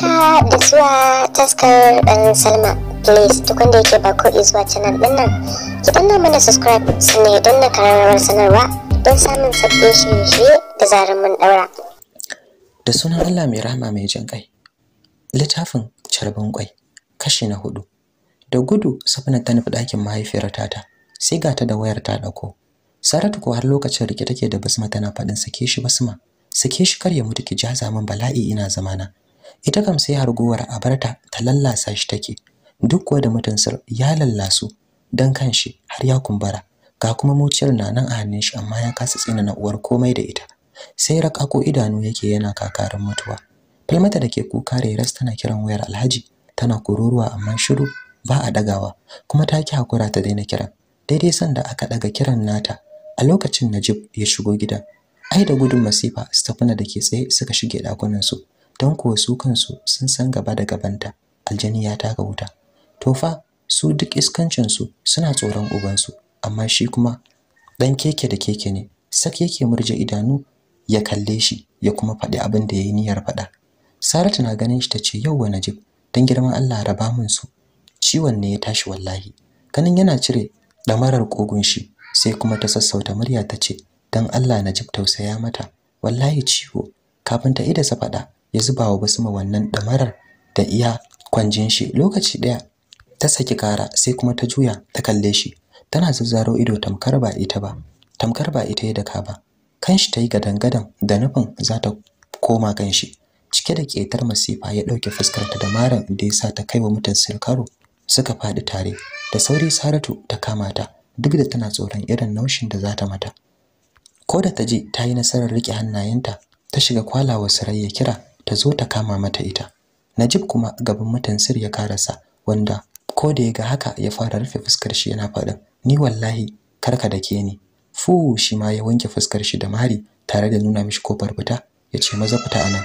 haka da zuwa taskar dan salma please duk wanda yake ba ko zuwa canal din nan ki danna mana subscribe ne don danna karamar sanarwa don samun sabbin shirye-shirye da zarar mun daura da sunan allah mai rahama mai jan kai littafin carbin kwai kashi na hudu da gudu safina ta nufi ɗakin mahaifiyar tata sai ga ta da wayar ta ɗauko saratu ko har lokacin rike take da basma tana faɗin sake shi basma sake shi kar ya mutu ki jaza min bala'i ina zamana ita kam sai harguwar abarta ta lallasa shi take duk kuwa da sir ya lallasu dan kanshi har ya kumbara. ga kuma muciyar na nan a hannun shi amma ya kasa tsina na uwar komai da ita sai rakako idanu yake yana kakarin mutuwa falmata da ke kuka reras tana kiran wayar alhaji tana kururuwa amma shiru ba a dagawa kuma ta ki hakura ta daina kiran daidai sanda aka daga kiran nata a lokacin najib ya shigo gidan ai da gudun masifa stafuna da ke tsaye suka shige dakunan su don ko su kansu sun san gaba da gabanta aljani ya taka wuta to fa su duk iskancinsu suna tsoron ubansu amma shi kuma dan keke da keke ne sak yake murje idanu ya kalle shi ya kuma faɗi abin da ya yi niyyar faɗa saratu na ganin shi ta ce yauwa najib dan girman allah raba mun su ciwon ne ya tashi wallahi kanin yana cire damarar ƙugun shi sai kuma ta sassauta murya ta ce don allah najib tausaya mata wallahi ciwo kafin ta idasa faɗa ya zuba wa Basma wannan damarar da iya kwanjin shi lokaci daya ta saki kara sai kuma ta juya ta kalle shi tana zazzaro ido tamkar ba ita ba tamkar ba ita ya ka ba kanshi ta tayi gadangadan da nufin za ta koma kanshi cike da ketar masifa ya dauke fuskar ta da maran da ya sa ta kai wa mutan silkaro suka faɗi tare da sauri Saratu ta kama ta duk da tana tsoron irin naushin da za ta mata ko da ta ji ta yi nasarar rike hannayenta ta shiga kwalawa ya kira ta zo ta kama mata ita najib kuma gaban matansir ya karasa wanda ko da ya ga haka ya fara rufe fuskar shi yana faɗin ni wallahi karka da ke ni fu shi ma ya wanke fuskar shi da mari tare da nuna mishi kofar fita ya ce maza fita anan.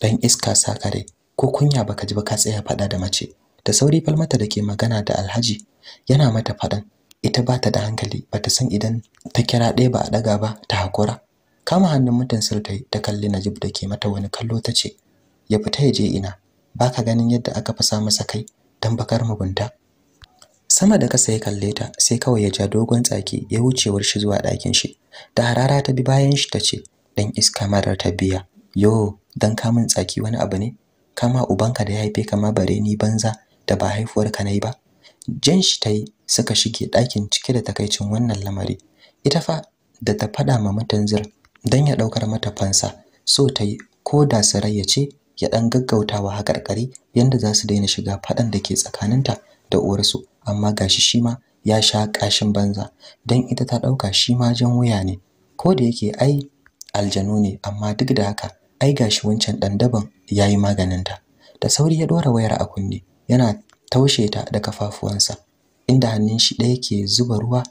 dan iska sa kare ko kunya baka ji ba ka tsaya faɗa da mace da sauri falmata da ke magana da alhaji yana mata faɗan ita ba ta da hankali ba ta san idan ta kira ɗaya ba a ɗaga ba ta hakura kama hannun mutan sirtai ta kalli najib da ke mata wani kallo ta ce ya fita ya je ina baka ganin yadda aka fasa masa kai dan bakar mugunta sama da kasa ya kalle ta sai kawai ya ja dogon tsaki ya wucewar shi zuwa ɗakin shi da harara ta bi bayan shi ta ce, dan iska marar ta biya. yo dan kamun tsaki wani abu ne kama ubanka da ya haife kama bare ni banza da ba haifuwar ka nayi ba jan shi ta yi suka shige ɗakin cike da takaicin wannan lamari ita fa da ta faɗa ma matanzir dan ya ɗaukar mata fansa so tayi ko da ya ce ya dan gaggautawa hakarkari yanda za su daina shiga fadan da ke tsakaninta da uwarsu amma gashi shi ma ya sha kashin banza dan ita ta dauka shi ma jan wuya ne ko da yake ai aljanu ne amma duk da haka ai gashi wancan dan daban yayi maganinta da sauri ya dora wayar a kunne yana taushe ta da kafafuwansa inda hannun shi ɗaya ke zuba ruwa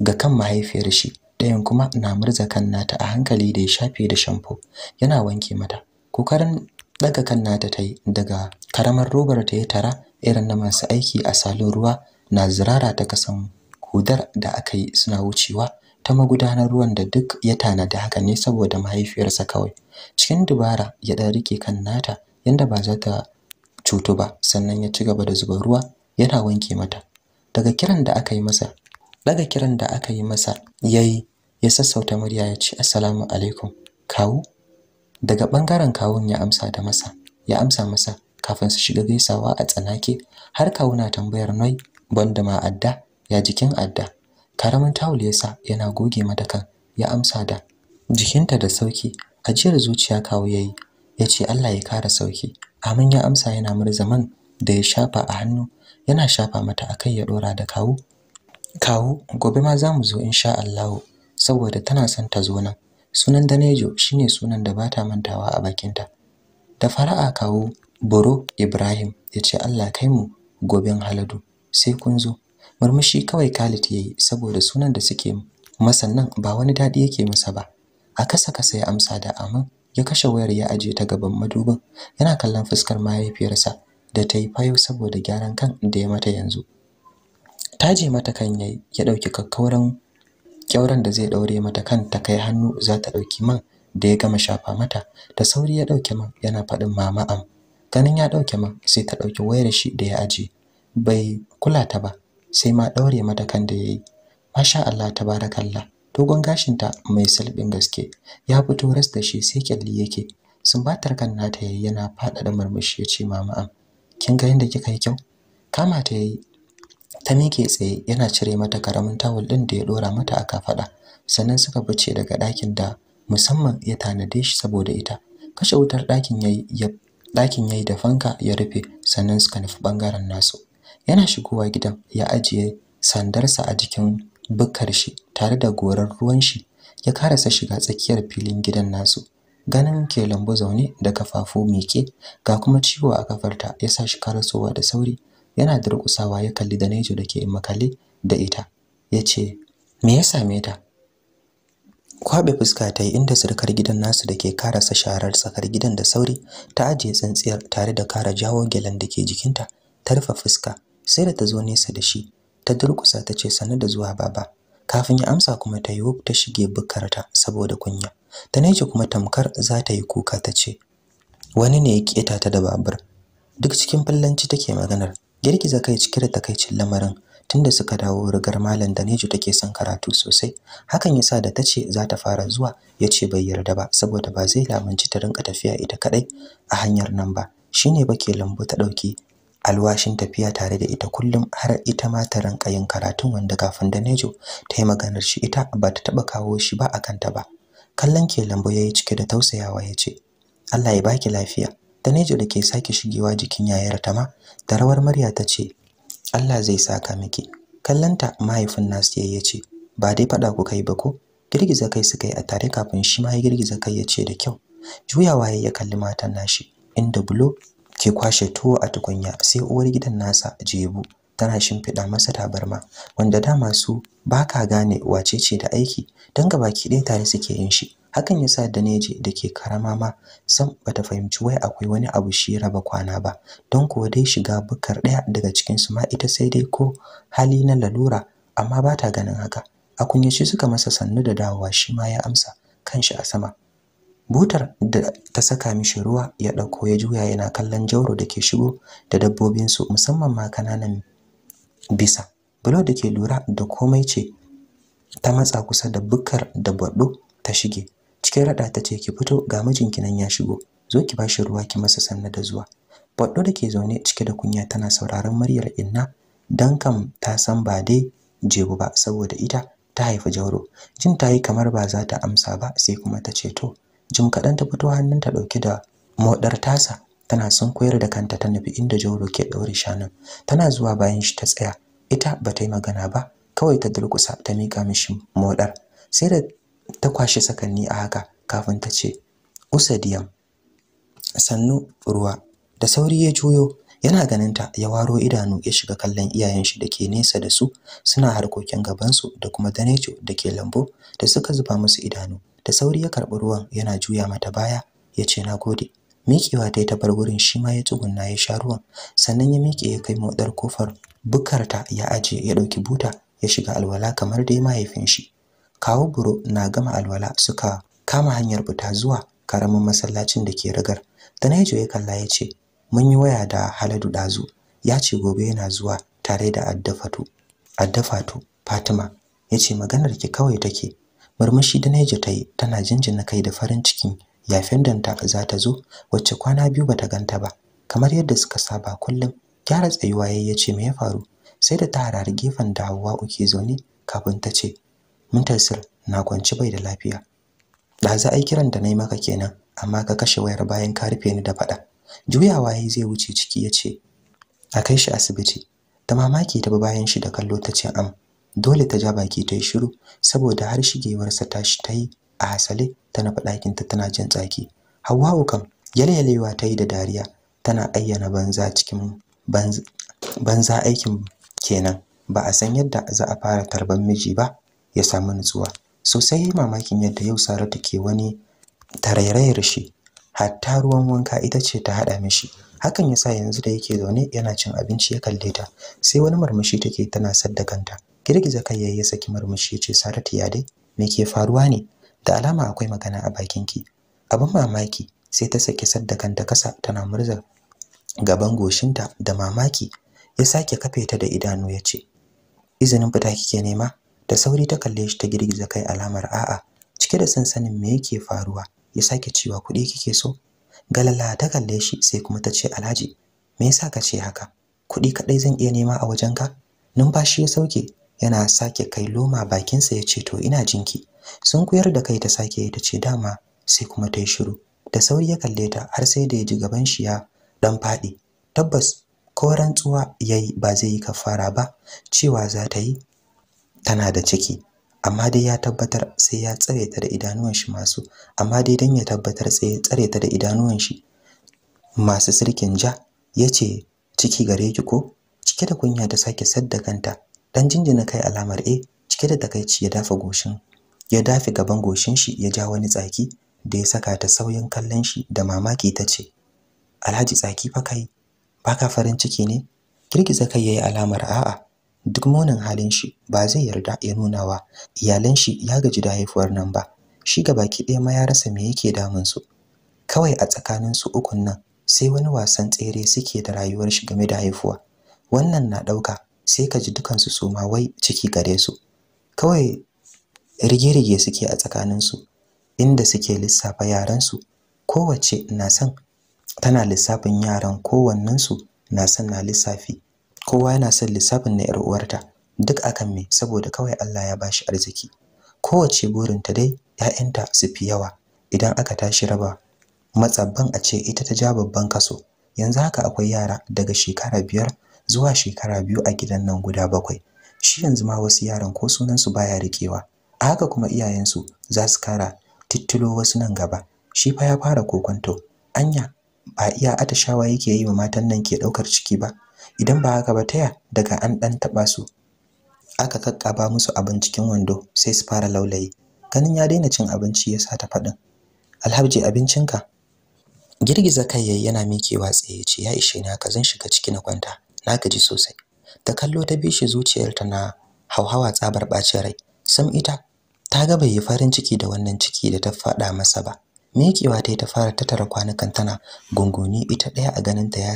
ga kan mahaifiyar shi ɗayan kuma na murza kan nata a hankali da ya shafe da shampo yana wanke mata kokarin daga kan nata ta yi daga karamar robar ta ya tara irin na masu aiki a salon ruwa na zirara ta kasan hudar da aka yi suna wucewa ta magudanar ruwan da duk ya tanada haka ne saboda mahaifiyarsa kawai cikin dubara ya dan rike kan nata yanda ba za ta cutu ba sannan ya ci gaba da zuba ruwa yana wanke mata daga kiran da aka yi masa daga kiran da aka yi masa yayi ya sassauta murya ya ce assalamu alaikum kawu daga bangaren kawun ya amsa da masa ya amsa masa kafin su shiga gaisawa a tsanake har kawuna tambayar noi banda ma adda ya jikin adda karamin tawul yasa yana goge mata ya amsa da jikinta da sauki ajiyar zuciya kawo yayi yace Allah ya kara sauki amin ya amsa yana murzaman da ya shafa a hannu yana shafa mata akai ya dora da kawo kawo gobe ma zamu zo insha Allah saboda tana son ta zo nan Sunan Danejo shine sunan da bata mantawa a bakinta. Da fara'a kawo Boro Ibrahim ya ce Allah kai mu goben Haladu sai kun zo. Murmushi kawai Khalid yi saboda sunan da suke masa nan ba wani daɗi yake masa ba. A kasa kasa ya amsa da amin ya kashe wayar ya aje ta gaban madubin yana kallon fuskar mahaifiyarsa da ta yi fayo saboda gyaran kan da ya mata yanzu. Taje mata kan yayi ya ɗauki kakkauran kyauran da zai daure mata kan ta kai hannu za ta dauki man da ya gama shafa mata ta sauri ya dauke man yana faɗin mama am ganin ya dauke man sai ta dauki wayar shi da ya aje bai kula ta ba sai ma daure mata kan da yayi masha Allah tabarakallah dogon ta mai sulbin gaske ya fito ras da shi sai kyalli yake sumbatar kan nata yayi yana faɗaɗa murmushi ya ce mama am kin ga yadda kika yi kyau kama ta yayi ta mike tsaye yana cire mata karamin tawul din da ya ɗora mata a kafada sannan suka fice daga ɗakin da musamman ya tanade shi saboda ita kashe wutar ɗakin yayi ya ɗakin yayi da fanka ya rufe sannan suka nufi bangaren nasu yana shigowa gidan ya ajiye sandarsa a jikin bukkar shi tare da goran ruwan shi ya karasa shiga tsakiyar filin gidan nasu ganin ke lambu zaune da kafafu mike ga kuma ciwo a kafarta ya sa shi karasowa da sauri yana durƙusawa ya kalli Danejo da ke makale da ita ya ce me ya same ta kwabe fuska ta yi inda surkar gidan nasu da ke karasa sharar tsakar gidan da sauri ta ajiye tsantsiyar tare da kara jawo gyalen da ke jikinta ta rufe fuska sai da ta zo nesa da shi ta durƙusa ta ce sanu da zuwa baba kafin ya amsa kuma ta yi wuf ta shige bukarta saboda kunya ta neji kuma tamkar za ta yi kuka ta ce wani ne ya keta ta da babur duk cikin fallanci take maganar girgiza kai cike da takaicin lamarin tunda suka dawo rigar malam Danejo take son karatu sosai hakan yasa da tace za ta fara zuwa yace bai yarda ba saboda ba zai lamunci ta rinka tafiya ita kadai a hanyar nan ba shine bake lambu ta dauki alwashin tafiya tare da ita kullum har ita ma ta rinka yin karatun wanda kafin Danejo ta yi maganar shi ita ba ta taba kawo shi ba akan ta ba kallon ke lambu yayi cike da tausayawa yace Allah ya baki lafiya Taneja da ke sake shigewa jikin yayar ta ma da rawar murya ta ce Allah zai saka miki kallanta mahaifin nasu ya ce ba dai fada ku kai ba ko girgiza kai suka yi a tare kafin shi ma ya girgiza kai ya ce da kyau juyawa ya kalli matan nashi inda bulo ke kwashe tuwo a tukunya sai uwar gidan nasa jebu tana shimfiɗa masa tabarma wanda da masu baka gane wace ce da aiki don gabaki ɗaya tare suke yin shi hakan yasa je dake karama ma sam bata fahimci wai akwai wani abu shi raba kwana ba don ko dai shiga bukar daya daga cikin su ma ita sai dai ko hali na lalura amma bata ganin haka a kunyashi suka masa sannu da dawowa shi ma ya amsa kanshi a sama butar da ta saka mishi ruwa ya dauko ya juya yana kallon jauro da ke shigo da dabbobin su musamman ma kananan bisa bulo da ke lura da komai ce ta matsa kusa da bukkar da baddo ta shige cikin rada ta ce ki fito ga mijinki nan ya shigo zo ki bashi ruwa ki masa sanna da zuwa Baɗo da ke zaune cike da kunya tana sauraron Maryar Inna dan kam ta san ba dai jebu ba saboda ita ta haifa Jauro jin ta yi kamar ba za ta amsa ba sai kuma ta ce to jim kadan ta fito hannunta dauke da modar tasa tana son koyar da kanta ta nufi inda Jauro ke daure shanun tana zuwa bayan shi ta tsaya ita ba ta yi magana ba kawai ta durkusa ta mika mishi modar sai da ta kwashe sakanni a haka kafin ta ce "Usa, diyam, sannu ruwa da sauri ya juyo yana ganinta ya waro idanu ya shiga kallon iyayen shi dake nesa da su suna harkokin gabansu da kuma danejo ke lambo da suka zuba musu idanu da sauri ya karɓi ruwan yana juya mata baya ya ce nagode miƙewa ta yi ta bar wurin shi ma ya tsugunna ya sha ruwan sannan ya miƙe ya kai motar kofar bukarta ya aje ya ɗauki buta ya shiga alwala kamar dai mahaifin shi kawo buro na gama alwala suka kama hanyar fita zuwa karamin masallacin da ke rigar naijo ya kalla ya ce mun yi waya da haladu dazu ya ce gobe yana zuwa tare da addafatu addafatu fatima ya ce maganar ki kawai take murmushi da naijo ta yi tana jinjina kai da farin cikin yafen danta za ta zo wacce kwana biyu bata ganta ba kamar yadda suka saba kullum gyara tsayuwa yayi ya ce me ya faru sai da ta harari gefen da hawa uke zaune kafin ta ce Muntasir na kwance bai da lafiya. a ai kiran da nayi maka kenan, amma ka kashe wayar bayan ka rufe ni da fada. Juyawa yayi zai wuce ciki yace, "A kai shi asibiti." ta mamaki ta bayan shi da kallo ta ce am. Dole ta ja baki ta yi shiru saboda har shigewarsa ta shi ta yi a hasale ta kin ta tana jin tsaki. Hawwa'u kam yalyalewa ta yi da dariya tana ayyana banza cikin banza aikin kenan ba a san yadda za a fara tarban miji ba ya samu nutsuwa sosai mamakin yadda yau Saratu ke wani tarairayar shi hatta ruwan wanka ita ce ta hada mishi hakan yasa yanzu da yake zaune yana cin abinci ya kalle ta sai wani marmashi take tana sadda kanta. girgiza kai yayi ya saki marmashi ya ce Saratu ya dai me ke faruwa ne da alama akwai magana a bakin ki." abin mamaki sai ta saki sadda kanta kasa tana murza gaban goshinta da mamaki ya sake kafe ta da idanu ya ce izinin fita kike nema da sauri ta kalle shi ta girgiza kai alamar a'a cike da sansanin me yake faruwa ya sake cewa kuɗi kike so galala ta kalle shi sai kuma ta ce alhaji me yasa ka ce haka kuɗi kaɗai zan iya nema a wajen ka? numfashi ya sauke yana sake kai loma bakinsa ya ce to ina jinki sun kuyar da kai ta sake ta ce dama sai kuma ta yi shiru da sauri ya kalle ta har sai da ya ji gaban shi ya dan faɗi tabbas ko rantsuwa yayi ba zai yi kafara ba cewa za ta yi tana da ciki amma dai ya tabbatar sai ya tsare ta da idanuwan shi masu amma dai dan ya tabbatar sai ya tsare ta da idanuwan shi masu sirkin ja yace ciki gare ki ko cike da kunya ta sake sadda kanta dan jinjina kai alamar A eh, cike da takaici ya dafa goshin ya dafi gaban goshin shi ya ja wani tsaki da ya saka ta sauyin kallon shi da mamaki ta ce. Alhaji tsaki fa kai baka farin ciki ne girgiza kai yayi alamar a'a duk munin halin shi ba zai yarda ya nuna wa iyalan shi ya gaji da haifuwar nan ba shi baki ɗaya ma ya rasa me yake damun su kawai a tsakanin su ukun nan sai wani wasan tsere suke da rayuwar shi game da haifuwa wannan na ɗauka sai ka ji dukansu su ma wai ciki gare su kawai rige-rige suke a tsakaninsu inda suke lissafa yaransu kowace na san tana lissafin yaran kowannensu na san na lissafi kowa yana son lissafin na 'yar uwarta duk akan me saboda kawai Allah ya bashi arziki kowace burin ta dai 'ya'yanta su fi yawa idan aka tashi raba matsabban a ce ita ta ja babban kaso yanzu haka akwai yara daga shekara biyar zuwa shekara biyu a gidan nan guda bakwai shi yanzu ma wasu yaran ko sunansu baya rikewa a haka kuma iyayensu za su kara tittulo wasu nan gaba shi fa ya fara kokonto anya ba iya atashawa yake yi wa matan nan ke ɗaukar ciki ba idan ba haka ba taya daga an dan taba su aka kakkaba musu abin cikin wando sai su fara laulayi ganin ya daina cin abinci ya sata faɗin alhabji ka. girgiza kai yayi yana mikewa tsaye ce ya ishe ni haka zan shiga ciki na kwanta na gaji sosai ta kallo ta bishi zuciyarta na hauhawa tsabar bacin rai sam ita ta ga bai yi farin ciki da wannan ciki da ta faɗa masa ba miƙewa ta ta fara tattara kwanukan tana gunguni ita ɗaya a ganin ta ya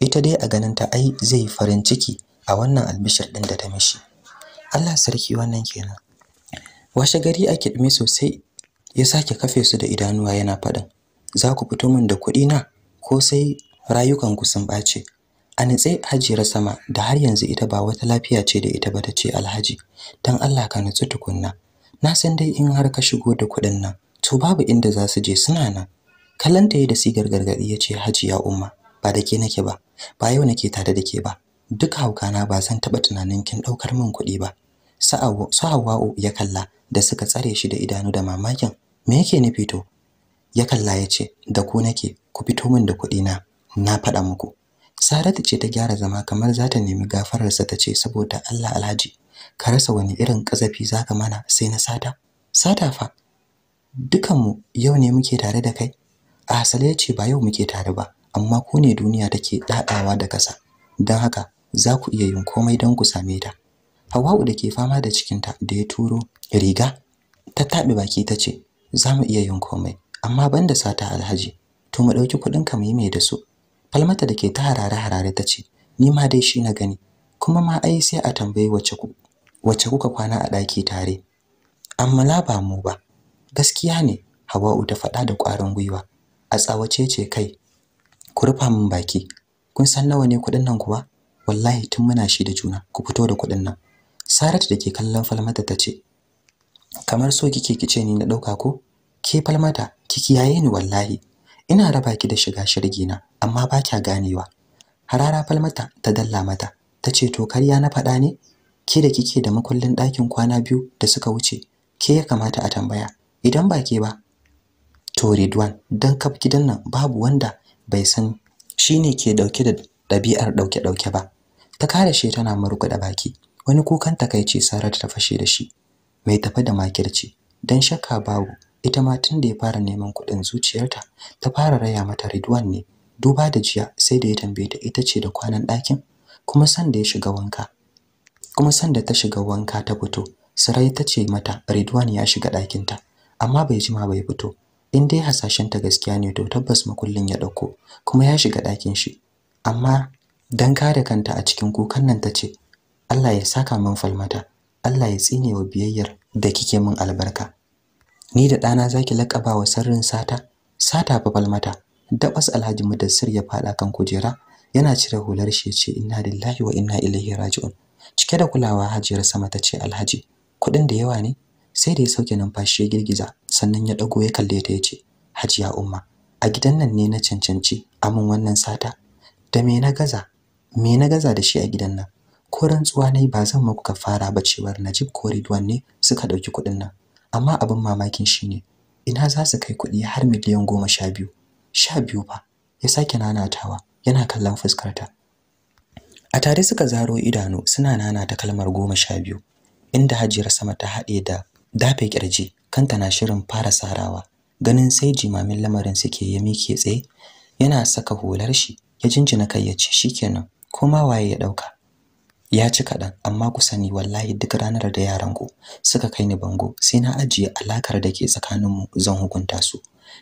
ita dai a ganin ta ai zai farin ciki a wannan albishir ɗin da ta mishi Allah sarki wannan kenan washe gari a kidme sosai ya sake kafe su da idanuwa yana faɗin za ku fito min da kuɗi na ko sai rayukanku sun ɓace a nitse hajiyar sama da har yanzu ita ba wata lafiya ce da ita ba ta ce alhaji don Allah ka nutsu tukunna na san dai in har ka shigo da kuɗin nan to babu inda za su je suna nan kallanta da sigar gargaɗi ya ce hajiya umma ba da ke nake ba ba yau nake tare da ke ba duk haukana ba zan taɓa tunanin kin ɗaukar min kuɗi ba su hawa'u ya kalla da suka tsare shi da idanu da mamakin me yake nufi to ya kalla ya ce da ku nake ku fito min da kuɗi na na faɗa muku saratu ce ta gyara zama kamar za ta nemi gafararsa ta ce saboda allah alhaji ka rasa wani irin ƙazafi za ka mana sai na sata sata fa dukanmu yau ne muke tare da kai a asali ya ce ba yau muke tare ba amma ku ne duniya take dadawa da kasa don haka za ku iya yin komai dan ku same ta hawa'u da ke fama da cikin ta da ya turo riga ta taɓe baki ta ce za mu iya yin komai amma banda sata alhaji to mu ɗauki kuɗinka mu yi mai da su falmata da ke ta harare harare ta ce ni ma dai shi na gani kuma ma ai sai a tambayi wacce ku wacce kuka kwana a ɗaki tare amma la ba mu ba gaskiya ne hawa'u ta faɗa da ƙwarin gwiwa a tsawace ce kai ku rufa min baki kun san nawa ne kuɗin nan kuwa wallahi tun muna shi da juna ku fito da kuɗin nan Saratu da ke kallon Falmata ta ce kamar so kike kice ni na dauka ko ke Falmata ki yaye ni wallahi ina raba ki da shiga shirgi na amma ba kya ganewa harara Falmata ta dalla mata ta ce to karya na faɗa ne ke da kike da makullin ɗakin kwana biyu da suka wuce ke ya kamata a tambaya idan ba ke ba to Ridwan dan kaf gidan nan babu wanda bai san shi ne ke dauke da ɗabi'ar ɗauke-ɗauke ba ta kare shi tana da baki wani kukan takaici sarar ta fashe da shi mai tafi da makirci dan shakka babu ita ma tun da ya fara neman kuɗin zuciyarta ta fara raya mata Ridwan ne duba da jiya sai da ya tambaye ta ita ce da kwanan ɗakin kuma san da ya shiga wanka kuma san da ta shiga wanka ta fito Sarai ta ce mata Ridwan ya shiga ɗakinta amma bai jima bai fito in dai hasashen ta gaskiya ne to tabbas makullin ya dauko kuma ya shiga ɗakin shi amma dan kare kanta a cikin kukan nan ta ce Allah ya saka min falmata Allah ya tsine wa biyayyar da kike min albarka ni da ɗana zaki laƙaba wa sarrin sata sata fa falmata dabas Alhaji Mudassir ya faɗa kan kujera yana cire hular shi ce inna lillahi wa inna ilaihi raji'un cike da kulawa Hajiyar sama ta ce Alhaji kuɗin da yawa ne sai da ya sauke numfashi ya girgiza sannan ya dago ya kalle ta ce. Hajiya Umma a gidan nan ne na cancanci amin wannan sata da me na gaza me na gaza da shi a gidan nan ko rantsuwa nayi ba zan muku fara ba cewar Najib ko Ridwan ne suka ɗauki kuɗin nan amma abin mamakin shine ina za su kai kuɗi har miliyan goma sha biyu sha biyu ba ya sake nanatawa yana kallon fuskarta a tare suka zaro idanu suna nana ta kalmar goma sha biyu inda hajiyar sama ta haɗe da dafe kirji kanta na shirin fara sarawa ganin sai jimamin lamarin suke ya mike tsaye yana saka hular shi ya jinjina kai ya ce shikenan koma waye ya dauka ya ci kaɗan amma kusa sani wallahi duk ranar da yaranku suka kai ni bango sai na ajiye alakar da ke tsakaninmu zan hukunta su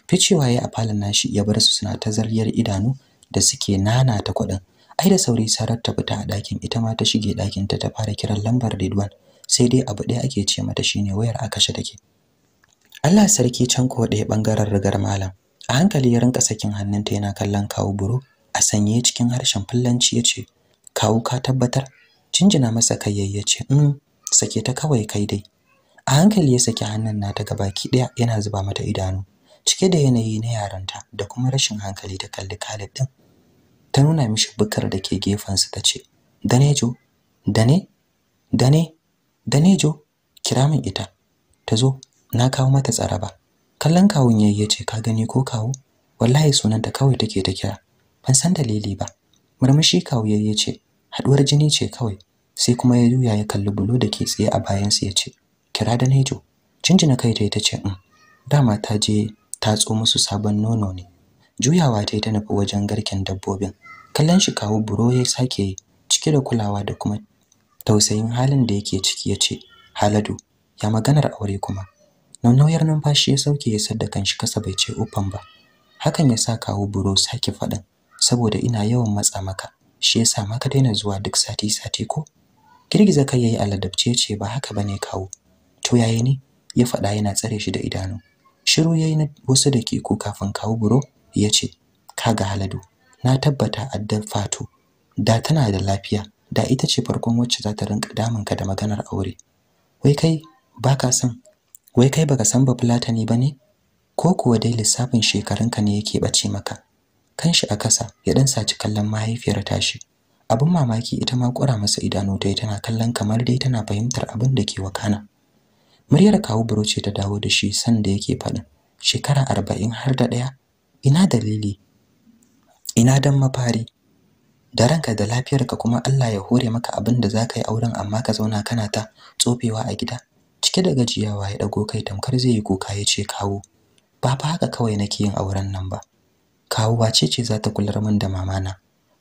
ficewa ya a falon nashi ya bar su suna ta zariyar idanu da suke nana ta kuɗin ai da sauri sarar ta fita a ɗakin ita ma ta shige ɗakin ta ta fara kiran lambar Ridwan sai dai abu ɗaya ake ce mata shine wayar a kashe take Allah sarki can ko ɗaya ɓangaren rigar malam a hankali ya rinka sakin hannunta yana kallon kawo buro a sanye cikin harshen fullanci ya ce kawo ka tabbatar jinjina masa kai ya ce mm, sake ta kawai kai dai a hankali ya saki hannun nata baki ɗaya yana zuba mata idanu cike da yanayi na yaranta da kuma rashin hankali ta kalli Khalid ɗin". ta nuna mishi bukar da ke gefensa ta ce Dane jo Dane, Dane, danejo kira min ita ta zo na kawo mata tsaraba kallon kawun yayi yace ka gani ko kawo wallahi sunanta kawai take ta kira ban san dalili ba murmushi kawu yayi yace haduwar jini ce kawai sai kuma ya juya ya kalli bulo da ke tsaye a bayan ya ce. kira danejo jinjina kai ta ita ce in mm. dama ta je tatso musu sabon nono ne juyawa ta yi ta nufi wajen garken dabbobin kallon shi kawo buro ya sake yi cike da kulawa da kuma tausayin halin da yake ciki ya ce haladu ya maganar aure kuma nauyar numfashi ya sauke ya sadda kanshi kasa bai ce uffan ba hakan ya sa kawo buro sake faɗin saboda ina yawan matsa maka shi yasa maka daina zuwa duk sati sati ko girgiza kai yayi aladabce ce ba haka bane kawo to yaye ne ya faɗa yana tsare shi da idanu shiru yayi na wasu da dakiku kafin kawo buro ya ce kaga haladu na tabbata addan fato da tana da lafiya da ita ce farkon wacce za ta rinka ka da maganar aure wai kai baka san wai kai baka san ba plata ne bane ko kuwa dai lissafin shekarunka ne yake bace maka kan shi a kasa ya dan saci kallon mahaifiyar tashi abun mamaki ita ma kura masa idanu dai tana kallon kamar dai tana fahimtar abin da ke wakana muryar kawo buro ce ta dawo da shi san da yake faɗin shekara arba'in har da ɗaya ina dalili ina dan mafari da ranka da lafiyarka kuma Allah ya hore maka abin da ka yi auren amma ka zauna kana ta tsofewa a gida cike da gajiyawa ya dago kai tamkar zai yi kuka ya ce kawo ba fa haka kawai nake yin auren nan ba kawo wace ce za ta kular min da mamana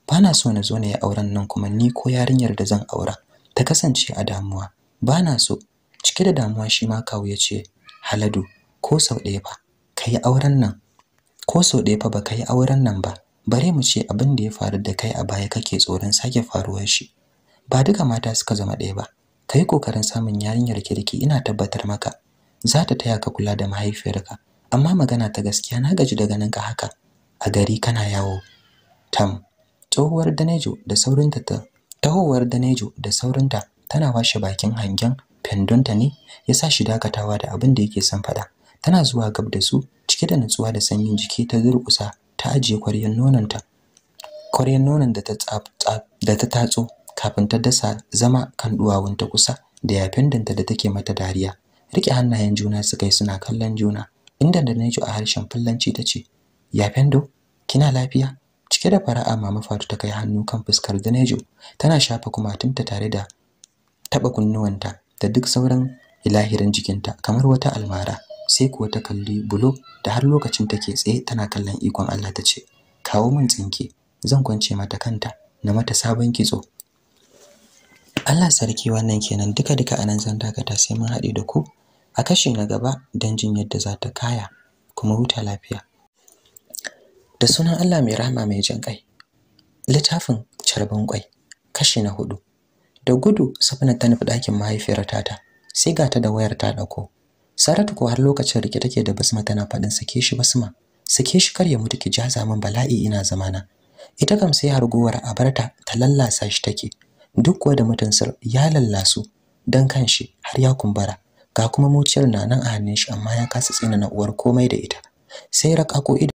ba na so na zo na yi auren nan kuma ni ko yarinyar da zan aura ta kasance a damuwa ba na so cike da damuwa shi ma kawo ya ce haladu ko sau ɗaya ba ka yi auren nan ko sau ɗaya fa ba ka yi auren nan ba bare mu ce abin da ya faru da kai a baya kake tsoron sake faruwar shi ba duka mata suka zama ɗaya ba ka yi ƙoƙarin samun yarinyar kirki ina tabbatar maka za ta taya ka kula da mahaifiyarka amma magana ta gaskiya na gaji da ganin ka haka a gari kana yawo tam tsohuwar danejo da saurinta ta tahowar danejo da saurinta tana washe bakin hangen fendonta ne ya sa shi dakatawa da abin da yake son faɗa tana zuwa gab da su cike da nutsuwa da sanyin jiki ta durƙusa ta ajiye kwaryar nononta kwaryar nonon da ta tsab da ta tatso kafin ta dasa zama kan duwawunta kusa da yafin danta da take mata dariya rike hannayen juna suka yi suna kallon juna inda da Nejo a harshen fullanci ta ce yafin do kina lafiya cike da fara'a mama Fatu ta kai hannu kan fuskar da tana shafa kumatunta tare da taɓa kunnuwanta da duk sauran ilahirin jikinta kamar wata almara sai kuwa ta kalli bulo da har lokacin take tsaye tana kallon ikon Allah ta ce kawo min tsinke zan kwance mata kanta na mata sabon kitso Allah sarki wannan kenan duka duka anan zan dakata sai mun haɗe da ku a kashi na gaba don jin yadda za ta kaya kuma huta lafiya da sunan Allah mai rahama mai jin kai littafin carban kwai kashi na hudu da gudu safina ta nufi ɗakin mahaifiyar tata sai ga ta da wayar ta ɗauko Saratu ko har lokacin rike take da Basma tana faɗin sake shi Basma. Sake shi kar ya mutu ki jaza min bala'i ina zamana. Ita kam sai harguwar a barta ta lallasa shi take. Duk kuwa da sar ya lallasu dan kanshi har ya kumbara Ga kuma muciyar na nan a hannun shi amma ya kasa tsina na uwar komai da ita. Sai raka rakako